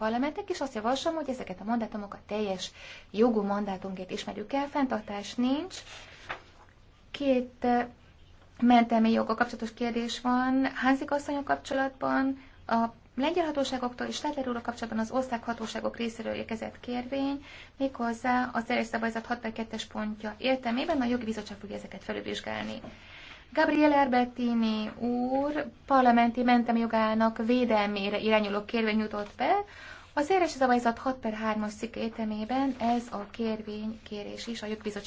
parlamentek, és azt javaslom, hogy ezeket a mandátumokat teljes jogú mandátumként ismerjük el, fenntartás nincs. Két eh, mentelmi joga kapcsolatos kérdés van, házik asszonyok kapcsolatban, a lengyel hatóságoktól és Stadler úrra kapcsolatban az ország hatóságok részéről érkezett kérvény, méghozzá az erőszabályzat 62-es pontja értelmében a jogi bizottság fogja ezeket felülvizsgálni. Gabriel Erbettini úr parlamenti mentemjogának védelmére irányuló kérvény jutott be, az éres szabályzat 6 per 3-as cikk ez a kérvény kérés is a jogbizottság